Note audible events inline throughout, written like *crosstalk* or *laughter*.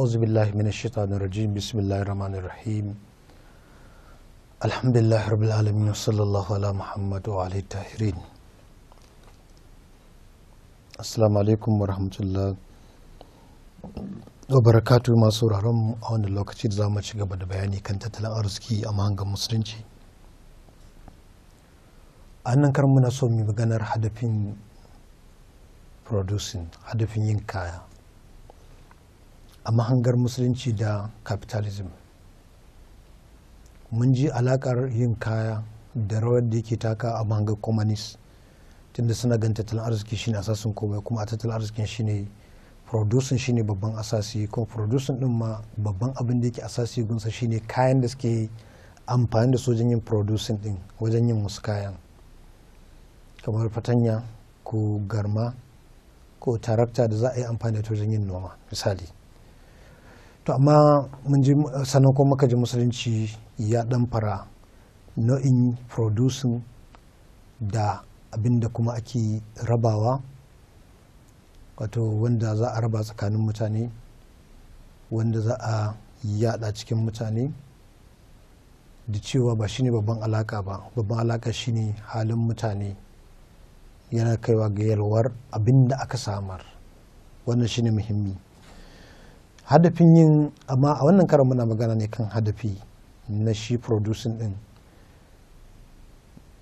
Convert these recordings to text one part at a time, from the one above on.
أعوذ بالله من الشيطان الرجيم بسم الله الرحمن الرحيم الحمد لله رب العالمين وصلى الله على محمد وعلى الطاهرين assalamu alaikum wa rahmatullah wa barakatu masu mu a wani lokaci da za mu ci gaba da bayani kan tattalin arziki a mahangar musulunci a nan kar muna so mu maganar producing hadafin yin kaya a mahangar musulunci da capitalism mun ji alakar yin kaya da rawar da yake taka a mahangar communist tunda suna gan tattalin arziki shine asasin komai kuma a tattalin arzikin shine producing shine babban asasi kuma producing din ma babban abin da yake asasi gunsa shine kayan da suke amfani da wajen yin producing din wajen yin wasu kayan kamar fatanya ko garma ko tarakta da za a yi amfani da wajen yin noma misali to amma mun ji ko muka ji musulunci ya dan fara nau'in producing da abin da kuma ake rabawa wato wanda za a raba tsakanin mutane wanda za a yada cikin mutane da cewa ba shine babban alaka ba babban alaka shine halin mutane yana kaiwa ga yalwar abin da aka samar wannan shine muhimmi hadafin yin amma a wannan karan muna magana ne kan hadafi na shi producing din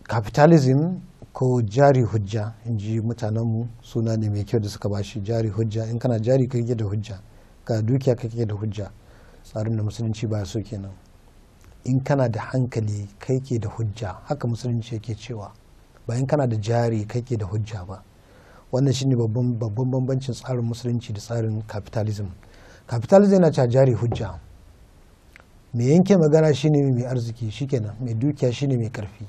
capitalism ko jari hujja in ji mutanenmu suna ne mai kyau da suka bashi jari hujja in kana jari kake da hujja ka dukiya kake da hujja tsarin da musulunci ba so kenan in kana da hankali kai ke da hujja haka musulunci yake cewa ba in kana da jari kai ke da hujja ba wannan shine babban bambancin tsarin musulunci da tsarin capitalism capitalism yana cewa jari hujja mai yanke magana shine mai arziki shikenan mai dukiya shine mai karfi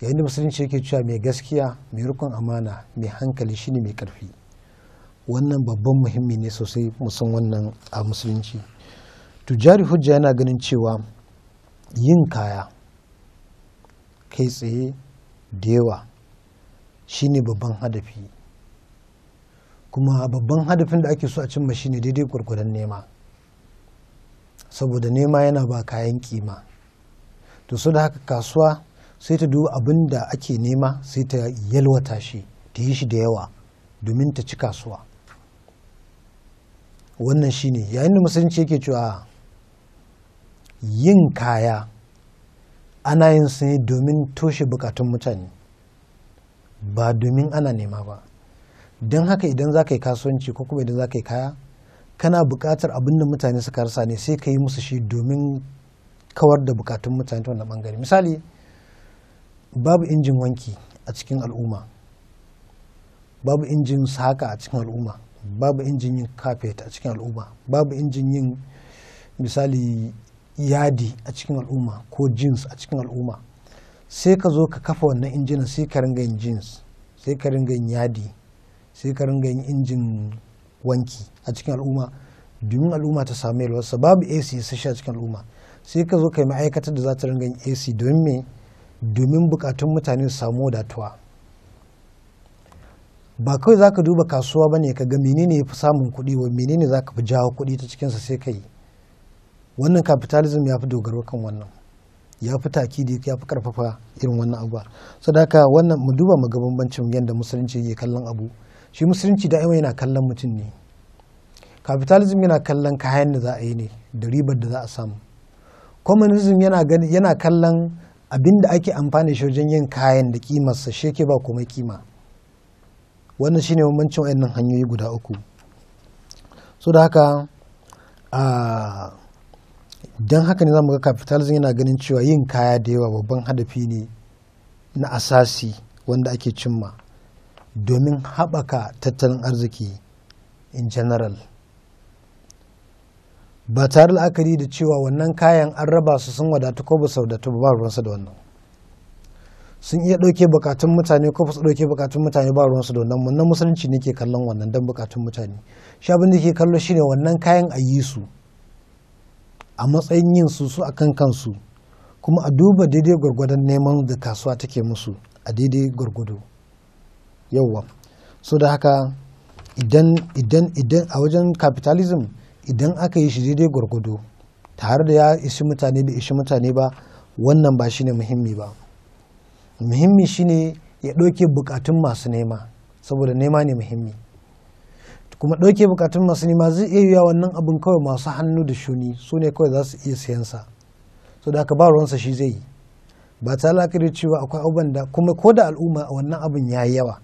yayin da musulunci yake cewa mai gaskiya mai rukun amana mai hankali shine mai karfi wannan babban muhimmi ne sosai musan wannan a musulunci tujari hujja yana ganin cewa yin kaya kai tsaye da yawa shine babban hadafi kuma babban hadafin da ake so a cimma shine daidai gwargwadon nema saboda nema yana ba kayan kima to so da haka kasuwa sai ta duba abin da ake nema sai ta yalwata shi ta yi shi da yawa domin ta ci kasuwa wannan shine yayin da musulunci yake cewa yin kaya ana yin su ne domin toshe bukatun mutane ba domin ana nema ba don haka idan za ka yi kasuwanci ko kuma idan za ka yi kaya kana bukatar abin da mutane suka rasa ne sai ka yi musu shi domin kawar da bukatun mutane ta wannan ɓangare misali babu injin wanki a cikin al'umma babu injin saka a cikin al'umma babu injin yin kafet a cikin al'umma babu injin yin misali yadi a cikin al'umma ko jeans a cikin al'umma sai ka zo ka kafa wannan injinan sai ka ringa yin jeans sai ka ringa yin yadi sai ka ringa yin injin wanki a cikin al'umma domin al'umma ta samu yalwarsa babu ac shi a cikin al'umma sai ka zo ka yi ma'aikatar da za ta ringa yin ac domin me domin bukatun mutane su samu wadatuwa ba kawai za ka duba kasuwa ba ne ka ga menene ya fi samun kuɗi wa menene za ka fi jawo kuɗi ta cikinsa sai ka yi wannan capitalism ya fi dogaro kan wannan ya fi da ya fi karfafa irin wannan abuwa sadaka wannan mu duba mu ga bambancin yadda musulunci ke kallon abu shi musulunci da yana kallon mutum ne capitalism yana kallon kayan da za a yi ne da ribar da za a samu communism yana kallon abin da ake amfani shi wajen yin kayan da kimarsa shi ke ba komai kima wannan shine bambancin wayannan hanyoyi guda uku so da haka don haka ne zamu ga capitalism yana ganin cewa yin kaya da yawa babban hadafi ne na asasi wanda ake cimma domin haɓaka tattalin arziki in general ba tare la'akari da cewa wannan kayan an raba su sun wadatu ko ba su wadatu ba ruwansu da wannan sun iya ɗauke bukatun mutane ko ba su ɗauke bukatun mutane ba ruwansu da wannan wannan musulunci ne ke kallon wannan don bukatun mutane shi abin da ke kallo shi ne wannan kayan a yi su a matsayin yin su su a kan kansu kuma a duba daidai gwargwadon neman da kasuwa take musu a daidai gwargwado yawwa so da haka idan idan a wajen capitalism idan aka yi shi daidai gwargwado tare da ya ishi mutane bai ishi mutane ba wannan ba shine muhimmi ba muhimmi shine ya ɗauke bukatun masu nema saboda nema ne muhimmi kuma ɗauke bukatun masu nema zai iya yiwa wannan abin kawai masu hannu da shuni su ne kawai za su iya siyan sa so da aka ba ruwansa shi zai yi ba ta da cewa akwai abin da kuma ko da al'umma wannan abin ya yi yawa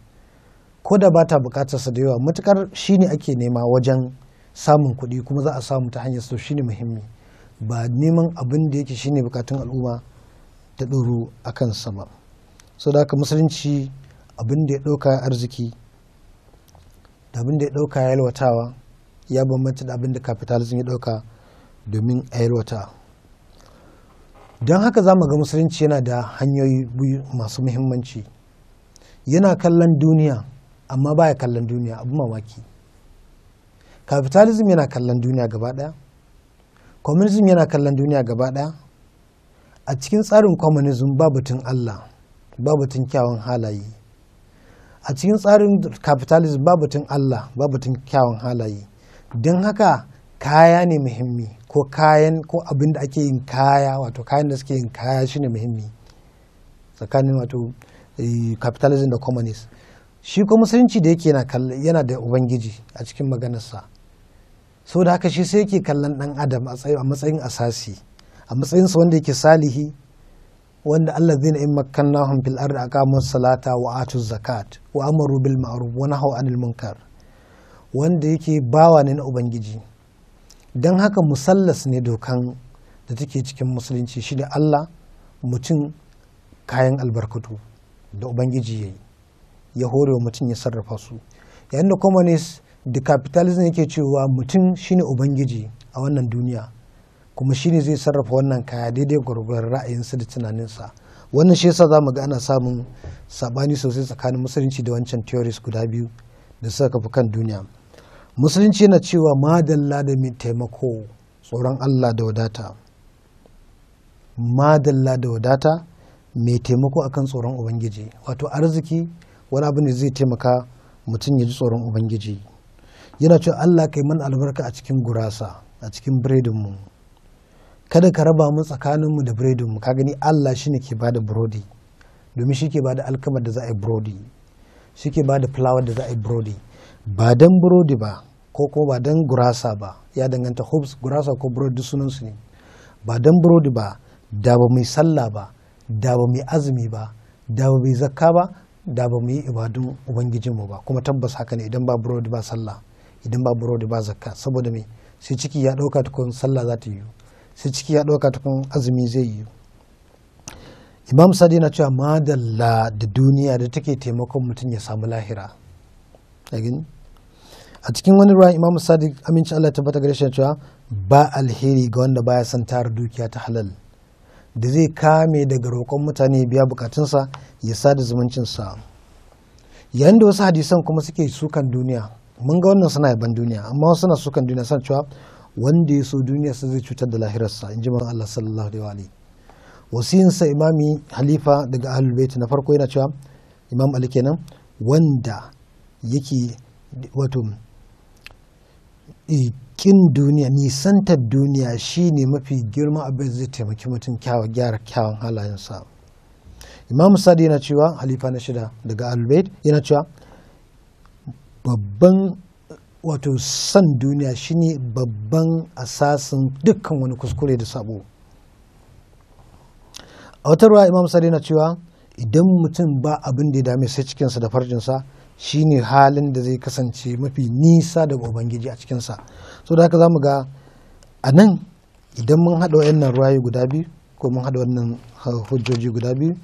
ko da ba ta bukatar sa da yawa matukar shine ake nema wajen samun kuɗi kuma za a samu ta hanyar su shine muhimmi ba neman abin da yake shine bukatun al'umma ta ɗoro a kansa ba so da haka musulunci abin da ya ɗauka arziki da abin da ya ɗauka yalwatawa ya bambanta da abin da capitalism ya ɗauka domin a yalwata don haka za mu ga musulunci yana da hanyoyi masu muhimmanci yana kallon duniya amma baya kallon duniya abu mamaki capitalism yana kallon duniya gaba daya communism yana kallon duniya gaba daya a cikin tsarin communism ba batun allah ba batun kyawun halaye a cikin tsarin capitalism ba batun allah ba batun kyawun halaye don haka kaya ne muhimmi ko kayan ko abin da ake yin kaya wato kayan da suke yin kaya shine muhimmi tsakanin wato eh, capitalism da communism shi ko musulunci da yake yana da ubangiji a cikin maganarsa sau da haka shi sai yake kallon dan adam a matsayin asasi a matsayin matsayinsa wanda yake salihi wanda Allah zai makanna hun fil ardi kamun salata wa atu zakat wa amaru bil ma'ruf wa nahaw anil munkar wanda yake bawa ne na ubangiji dan haka musallas ne dokan da take cikin musulunci shi da Allah mutum kayan albarkatu da ubangiji yayi ya hore wa mutum ya sarrafa su yayin da communist da capitalism yake cewa mutum shine ubangiji a wannan duniya kuma shine zai sarrafa wannan kaya daidai gwargwar ra'ayinsa da tunaninsa wannan shi yasa za mu ga ana samun sabani sosai tsakanin musulunci da wancan theories guda biyu da suka kafa kan duniya musulunci yana cewa madalla da mai taimako tsoron allah da wadata madalla da wadata mai taimako akan tsoron ubangiji wato arziki wani abu ne zai taimaka mutum ya ji tsoron ubangiji yana cewa allah kai mana albarka a cikin gurasa a cikin biredinmu kada ka raba mu tsakaninmu da biredinmu ka gani allah shi ne ke ba da burodi domin shi ke ba da alkamar da za a yi burodi shi ke ba da fulawar da za a yi burodi ba dan burodi ba ko ko ba dan gurasa ba ya danganta hubs gurasa ko burodi sunansu ne ba dan burodi ba da ba mai sallah ba da ba mai azumi ba da ba mai zakka ba da ba mu yi ibadun ubangijinmu ba kuma tabbas haka ne idan ba burodi ba sallah idan ba burodi ba zakka saboda me sai ciki ya ɗauka tukun sallah za ta yi sai ciki ya ɗauka tukun azumi zai yi imam sadi na cewa madalla da duniya da take taimakon mutum ya samu lahira a cikin wani ruwan imam sadi aminci allah tabbata gare shi cewa ba alheri ga wanda baya son tara dukiya ta halal da zai kame daga roƙon mutane biya bukatunsa ya sada zumuncinsa yayin da wasu hadisan kuma suke sukan duniya mun ga wannan suna yaban duniya amma wasu suna sukan duniya suna cewa wanda ya so duniya sai zai cutar da lahirarsa in ji manzon Allah sallallahu alaihi wa alihi wasiyinsa imami halifa daga ahlul bait na farko yana cewa imam ali kenan wanda yake wato ƙin duniya nisantar duniya shine mafi girma a abin zai taimaki mutum kyawun gyara kyawun halayensa imam sadi yana cewa halifa na shida daga albert yana cewa babban wato san duniya shine babban asasin dukkan wani kuskure da sabo a watarwa imam sadi yana cewa idan mutum ba abin da ya dame sai cikinsa da farjinsa shi ne halin da zai kasance mafi nisa daga ubangiji a cikinsa so da haka za mu ga a nan idan mun haɗa wayannan ruwayi guda biyu ko mun haɗa wannan uh, hujjoji guda biyu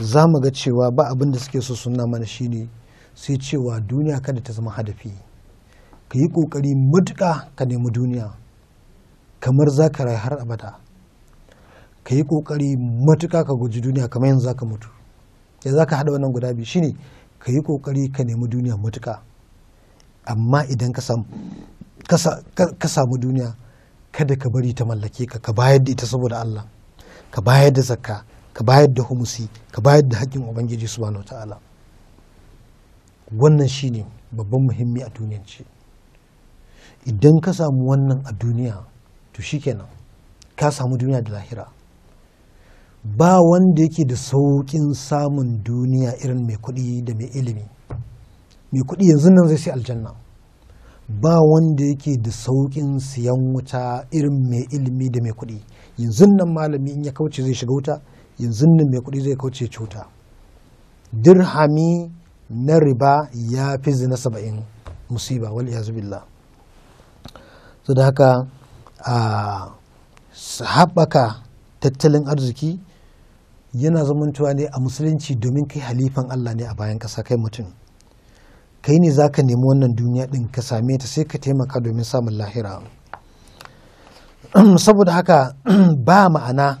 za mu ga cewa ba abin da suke so suna mana shi ne sai cewa duniya kada ta zama hadafi ka yi ƙoƙari matuƙa ka nemi duniya kamar za ka rayu har abada ka yi ƙoƙari matuƙa ka guji duniya kamar yanzu za ka mutu ya za ka haɗa wannan guda biyu shine ka yi kokari ka nemi duniya matuka amma idan ka samu duniya kada ka bari ta mallake ka ka bayar da ita saboda Allah ka bayar da zakka ka bayar da humusi ka bayar da haƙƙin ubangiji subhanahu ta'ala wannan shine babban muhimmi a duniyan idan ka samu wannan a duniya to shi shikenan ka samu duniya da lahira ba wanda yake da sauƙin samun duniya irin mai kuɗi da mai ilimi mai kuɗi yanzu nan zai sai aljanna ba wanda yake da sauƙin siyan wuta irin mai ilimi da mai kuɗi yanzu nan malami in ya kauce zai shiga wuta yanzu nan mai kuɗi zai kauce cuta dirhami na riba ya fi zina saba'in musiba wal billah da haka a ah, haɓaka tattalin arziki yana zamantowa ne a musulunci domin kai halifan Allah ne a bayan ƙasa kai mutum kai ne za ka nemi wannan duniya ɗin ka same ta sai ka taimaka domin samun lahira *clears throat* saboda haka *clears throat* ba ma'ana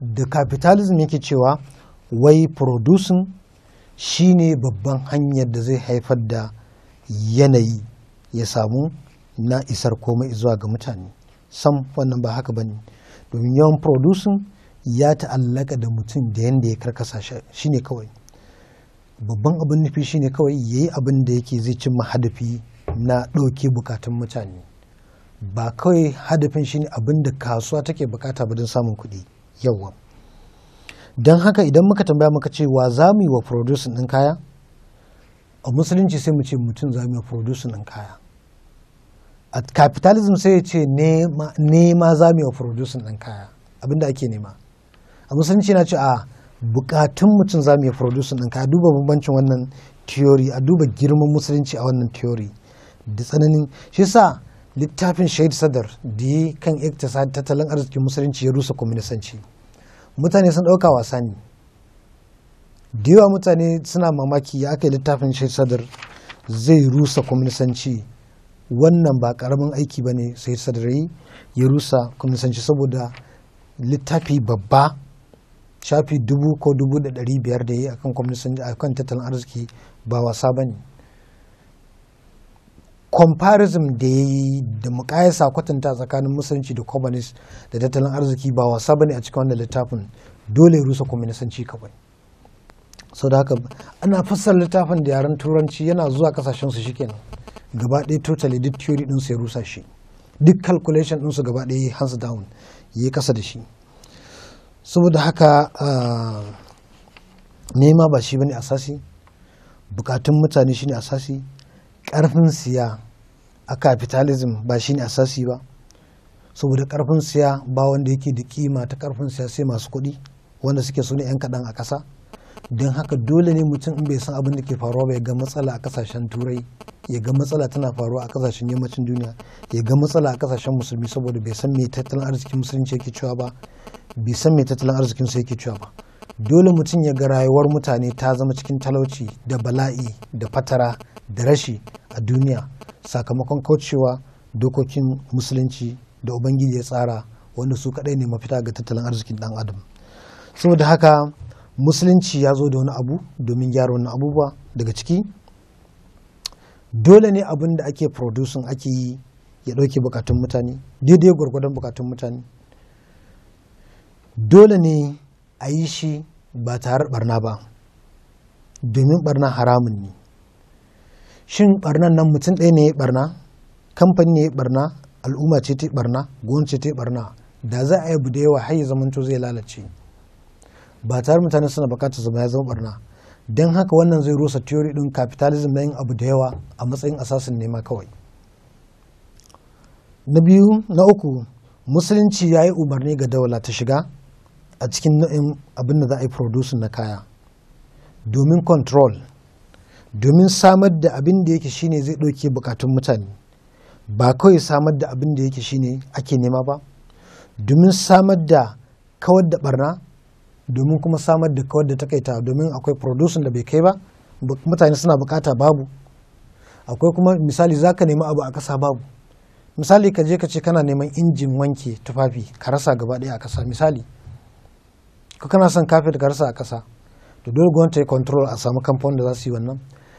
da capitalism yake cewa wai producing ne babban hanyar da zai haifar da yanayi ya samu na isar komai zuwa ga mutane sam wannan ba haka ba ne domin yawan producing ya ta'allaka da mutum da yadda ya karkasa shi ne kawai babban abin nufi shi ne kawai ya yi abin da yake zai cin hadafi na ɗauke bukatun mutane ba kawai hadafin shi ne abin da kasuwa take bukata ba don samun kuɗi yawa don haka idan muka tambaya muka ce wa za mu yi wa producing ɗin kaya a musulunci sai mu ce mutum za mu yi wa producing ɗin kaya a capitalism sai ya ce nema za mu yi wa producing ɗin kaya abin da ake nema a musulunci na ce a bukatun mutum za mu iya producing ɗin a duba bambancin wannan theory a duba girman musulunci a wannan theory da tsananin shi sa littafin shahid sadar da yi kan iktisad tattalin arzikin musulunci ya rusa kwaminisanci mutane sun ɗauka wasa ne da yawa mutane suna mamaki ya aka yi littafin shahid sadar zai rusa kwaminisanci wannan ba karamin aiki ba ne shahid sadar ya rusa kwaminisanci saboda littafi babba shafi dubu ko dubu da ɗari biyar da yi a akan kwamnisan kan tattalin arziki ba wasa ba ne comparison da ya yi da mukayasa kwatanta tsakanin musulunci da communist da tattalin arziki ba wasa ba ne a cikin wannan littafin dole rusa kwamnisanci kawai sau da haka ana fassar littafin da yaren turanci yana zuwa kasashen su shikenan gaba ɗaya totally duk theory ɗinsu ya rusa shi duk calculation ɗinsu gaba ɗaya hands down ya yi kasa da shi saboda haka ah, nema ba shi bane asasi bukatun mutane shine asasi karfin siya a capitalism ba shine asasi ba saboda karfin siya ba wanda yake da kima ta karfin siya sai masu kuɗi wanda suke su ne 'yan kaɗan a kasa don haka dole ne mutum in bai san abin da ke faruwa ba ya ga matsala a kasashen turai ya ga matsala tana faruwa a kasashen yammacin duniya ya ga matsala a kasashen musulmi saboda bai san me tattalin arzikin musulunci yake cewa ba bai san mai tattalin arzikin su yake cewa ba dole mutum ya ga rayuwar mutane ta zama cikin talauci da bala'i da fatara da rashi a duniya sakamakon kaucewa dokokin musulunci da ubangiji ya tsara wanda su kadai ne mafita ga tattalin arzikin dan adam saboda haka musulunci ya zo da wani abu domin gyara wani abubuwa daga ciki dole ne abin da ake producing ake yi ya ɗauke bukatun mutane daidai gwargwadon bukatun mutane dole ne a yi shi ba tare barna ba domin barna haramun ne shin barnan nan mutum ɗaya ne ya barna kamfani ne ya barna al'umma ce ta barna ce ta barna da za a yi bude da yawa har ya zamanto zai lalace ba tare mutane suna bukatar zama ya zama barna don haka wannan zai rusa teori din capitalism na yin abu da yawa a matsayin asasin nema kawai na biyu na uku musulunci ya yi umarni ga daula ta shiga a cikin nau'in abin da za a yi producing na kaya domin control domin samar da abin da yake shine zai ɗauke bukatun mutane ba kawai samar da abin da yake shine ake nema ba domin samar da kawar da barna domin kuma samar da kawar da takaita domin akwai producing da bai kai ba mutane suna bukata babu akwai kuma misali za ka nemi abu a kasa babu misali ka je ka ce kana neman injin wanke tufafi ka rasa gaba ɗaya a kasa misali ka kana son kafet ka rasa a ƙasa to dole gwamnati ya control a samu kamfanin da za su yi wannan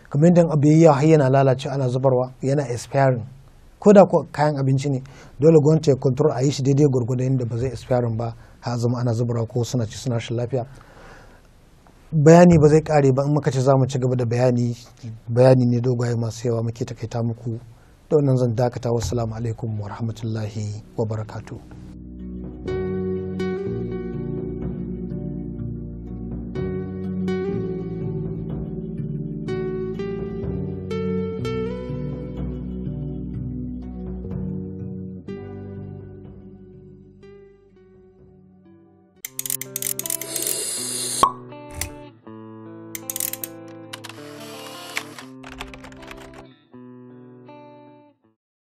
kamar yadda abu ya har yana lalace ana zubarwa yana expiring ko da kayan abinci ne dole gwamnati ya control a yi shi daidai gwargwadon yadda ba zai expiring ba har zama ana zubarwa ko suna ci suna rashin lafiya bayani ba zai kare ba in muka ce za mu ci gaba da bayani bayani ne dogaye masu yawa muke takaita muku da wannan zan dakata wasu alaikum wa rahmatullahi wa barakatuh